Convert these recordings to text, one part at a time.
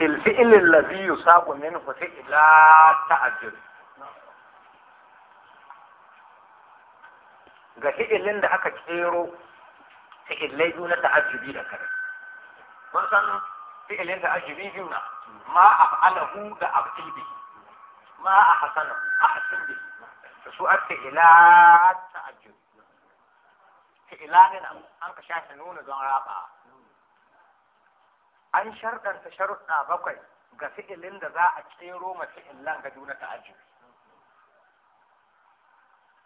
الفعل الذي يصاب منه فعل تعجل ga fi'ilin da aka kero fi'ilai biyu na ta'ajjubi da kare mun san fi'ilin da ajibi biyu na ma alahu da af'ibi ma a hasana a hasimbi da su ake ila ta'ajjubi fi'ilanin an ka shafe nuna don raba an sharɗanta sharuɗa bakwai ga fi'ilin da za a kero ma fi'ilan ga juna ta ajiyu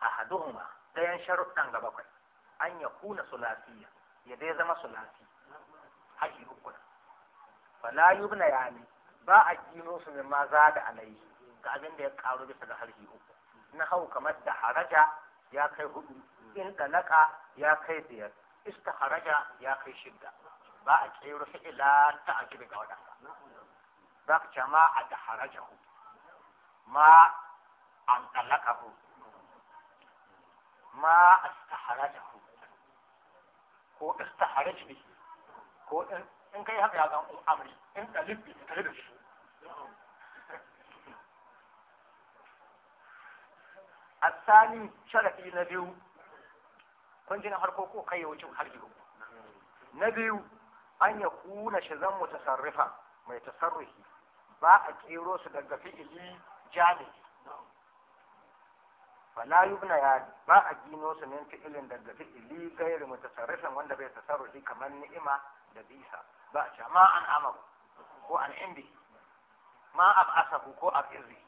a haduhuma ɗayan sharuɗan ga bakwai an ya kuna sulasiya ya dai zama sulasi haƙi uku fala yubna ne ba a gino su ne maza da alaihi ga abin da ya karu bisa ga harhi uku na hau kamar da haraja ya kai hudu in ɗalaka ya kai biyar haraja ya kai shidda ba a ƙero fi'ila ta ajibi ga waɗanda za ku ce ma a da harajahu ma an talakahu ma a staharajahu ko istaharaj ne ko in kai haka ya zan amri in ɗalib ne ta da shi الثاني شرعي نبيو كنت نحرقوكو كي وجه na biyu. an ya kuna shazan mutasarrifa mai tasarrufi ba a kero su daga fi'ili jami'i fala yubna ya ba a gino su min fi'ilin daga fi'ili gairi mutasarrifin wanda bai tasarrufi kamar ni'ima da bisa ba a ce ma an amaru ko an indi ma a asabu ko a izi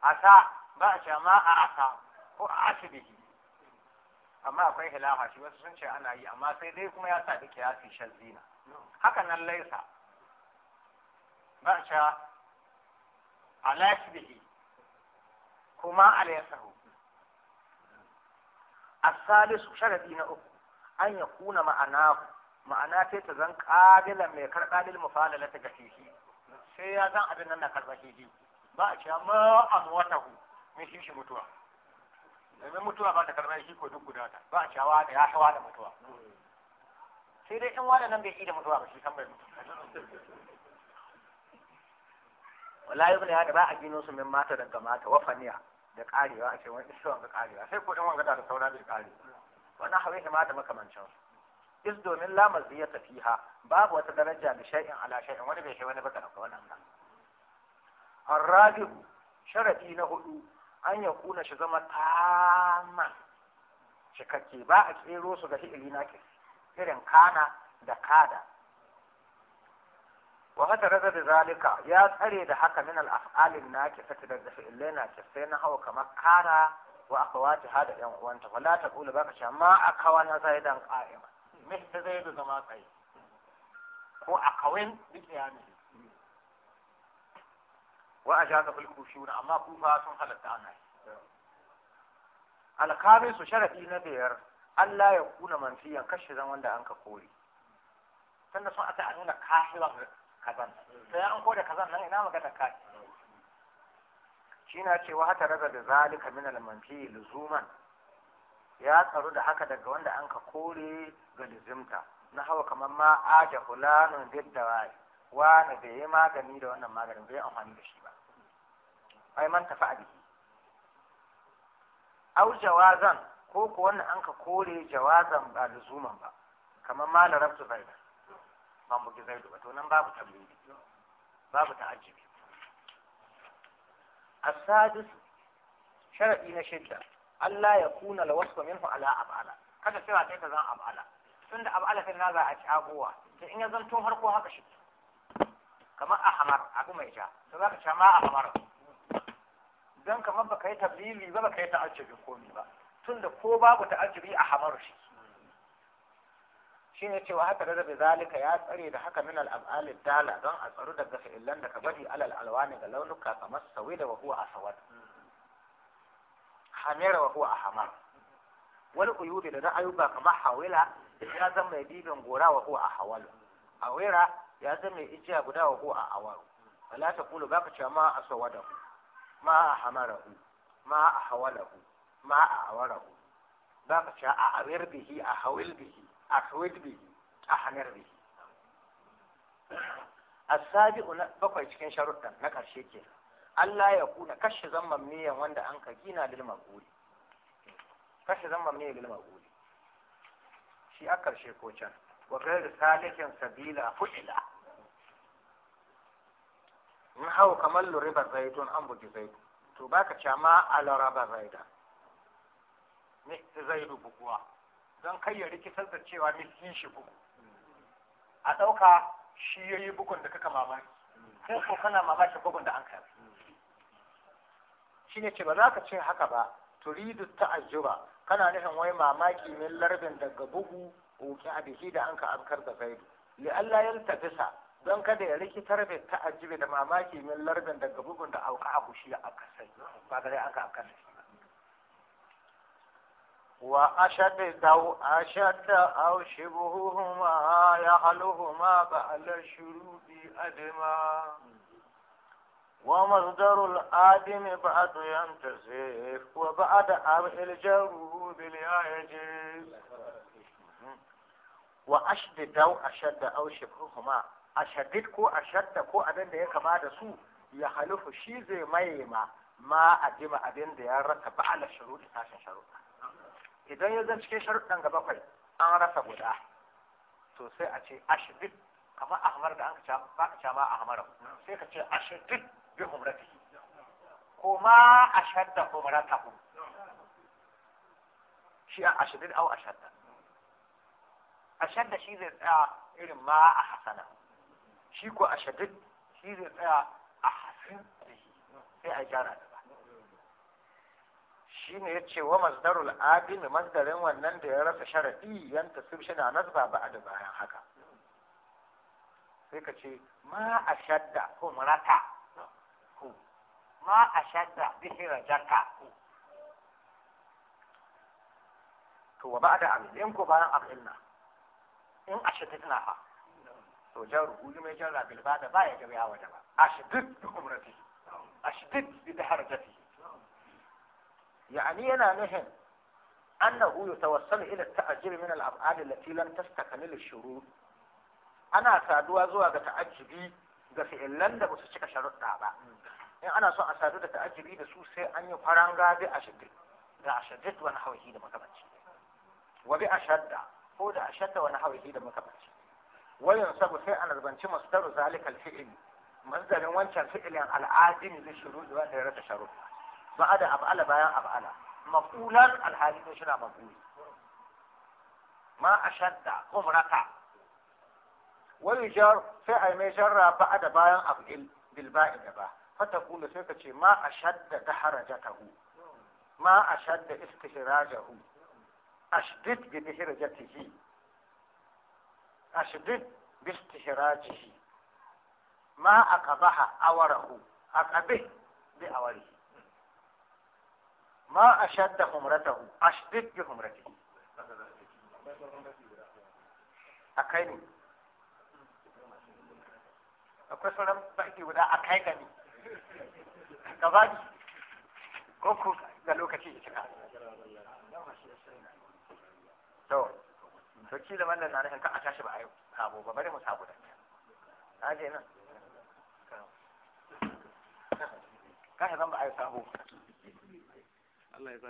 asa ba a ce ma a asa ko a asibihi amma akwai hilafa shi wasu sun ce ana yi amma sai dai kuma ya sa da kiyasi zina haka nan laisa ba sha ala shbihi kuma alaysahu as-salisu sharadi na uku an yakuna ma'ana ma'ana ce ta zan qabila mai karɓa lil mufalala ta gafihi sai ya zan abin nan na karɓa shi ba a cewa ma amwatahu mishi shi mutuwa domin mutuwa ba ta karɓar shi ko duk guda ta. ba a cewa da ya hawa da mutuwa sai dai in wani nan bai yi da mutuwa ba shi kan bai mutuwa wala yi ya da ba a gino su min mata da gamata wafaniya da karewa a cewa wani wanga karewa sai ko in wanga da saura bai kare Wani hawaye ma da makamancin is domin lamar zai tafi ha babu wata daraja da sha'in ala sha'in wani bai shi wani baka dauka wannan nan arrabi sharadi na hudu an ya kuna shi zama tama cikakke ba a tsero su ga fi'ili na ke irin kana da kada wa hada raza da zalika ya tsare da haka min al'af'alin na ke fata da fi'ilai na ke sai na hawa kamar kara wa ta hada yan uwanta kula ba ka ce ma zai dan ƙa'ima me ta zai da zama tsaye ko a duk ya ne wa a jaza fil amma kufa sun halatta ana alkamin su sharafi na biyar Allah ya kuna mantiyan kashe zan wanda an ka kore tunda sun aka nuna kahiwan kazan sai an kore kazan nan ina magana kai shi na cewa hata raga da zalika min al luzuman ya tsaru da haka daga wanda an ka kore ga lizimta na hawa kamar ma aja fulanun didda wai wani bai yi magani da wannan maganin bai amfani da shi ba ai man tafi a au jawazan ko ko wannan an ka kore jawazan ba luzuman ba kamar ma larabtu zaida ban bugi zai ba to nan babu tabbili babu ta'ajjubi السادس sharadi na shidda Allah ya kuna la wasfa minhu ala ab'ala kada sai ta zan ab'ala tunda ab'ala sai na za a ci agowa to in ya zanto har ko haka shi kamar ahmar abu mai ja to za ka ce ma ahmar don kamar baka yi tablili ba baka yi ta'ajjabi komi ba tunda ko babu ta'ajjabi a hamar shi shine cewa haka da zabe zalika ya tsare da haka min al-af'al dala don a tsaro daga fi'illan da ka bari alal alwani ga launuka kamar sawida wa huwa aswad hamira wa huwa ahmar wani uyubi da na ayuba kamar hawila ya zama mai bibin gora wa huwa ahwal awira ya zama ijiya guda wa ko a awaru wala ta kulu baka cewa ma a sawadahu ma a hamarahu ma a hawalahu ma a awarahu baka cewa a awir bihi a hawil bihi a hawil bihi a hanar bihi sabi una bakwai cikin sharuɗan na ƙarshe ke Allah ya kuna kashe zamman miyan wanda an ka gina lil maquli kashe zamman miyan lil maquli shi a ƙarshe ko can wa gairu salihin sabila fu'ila in hau kamar luriba zaitun an buge Zaidu. to baka ce ma alaraba zaida ne zaidu buguwa don kai ya rikitar da cewa miskin shi bugu a ɗauka shi ya yi bugun da kaka mamaki sai ko kana mamaki bugun da an kai shi ne ce ba za ka ce haka ba turidu ta'ajjuba kana nufin wai mamaki min larbin daga bugu uqi'a bihi da anka abkar da zaidu li alla yaltafisa don kada ya rikitar bai ta'ajjibi da mamaki min larbin daga bugun da auka a kushi a kasai ba gare aka a kasai wa ashadda daw ashadda aw shibuhuhuma yahluhuma ba'al shurubi adma wa masdarul adim ba'd yantasif wa ba'd al jaru bil yajib wa ashdid daw ashadda aw shibhuhuma ashadid ko ashadda ko abin da ya kama da su ya halufu shi zai maye ma ma a jima abin da ya rasa ba ala shuruɗi tashin sharuɗa idan ya zan cikin sharuɗan ga bakwai an rasa guda to sai a ce ashdid kamar ahmar da an ka ba ka ma ahmar sai ka ce ashdid bi humrati ko ma ashadda humratahu shi a ashdid aw ashadda ashadda shi zai tsaya irin ma a hasana shi ko ashaddid shi zai tsaya a hasin sai a gyara da ba shi ne ya ce wa mazdarul adimi mazdarin wannan da ya rasa sharaɗi yanta sun shi na nazba ba da bayan haka sai ka ce ma a shadda ko marata ma a shadda bihira jaka to wa ba da abin ko bayan abin in ashidda tana fa to jan rubuji mai jan rabil ba da ba ya jami'a waje ba ashiddid bi umrati ashiddid bi taharjati يعني أنا نهم أنه يتوصل إلى التعجب من الأفعال التي لم تستكمل الشروط أنا سادوا زوا تعجبي ga fi'illan da ba su cika sharuɗa ba in ana son a sadu da ta'ajibi da su sai an yi faran gabi a shaddi da a shaddi wani hauhi da makamanci wa bi a shadda ko da ashadda wani hawaye da muka makamanci wayan sabu sai an rubanci masdaru zalikal fi'il masdarin wancan fi'ilin al'adin zai shuru da wanda ya rasa sharu ba'ada abala bayan abala. maqulan alhali ne shina maquli ma ashadda umraka wal jar sai ai mai jarra ba'ada bayan af'il bil ba'i da ba fatakulu sai ka ce ma ashadda daharajatahu ma ashadda istihrajahu ashdid bi mihrajatihi ashdid bi istihrajihi ma aqabaha awarahu aqabih bi awarihi ma ashadda humratahu ashdid bi humratihi akai ne akwai sauran baki guda akai gani gaba ko ku ga lokaci ya to to da wannan na nufin ka a tashi ba ayo yi ba bari mu sabo da ka je nan ka zan ba ayo yi sabo Allah ya